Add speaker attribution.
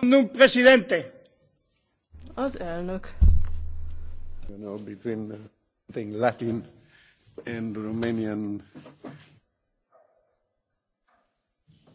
Speaker 1: Domnul președinte!
Speaker 2: Az elnök.
Speaker 3: You know, between the Latin and Romanian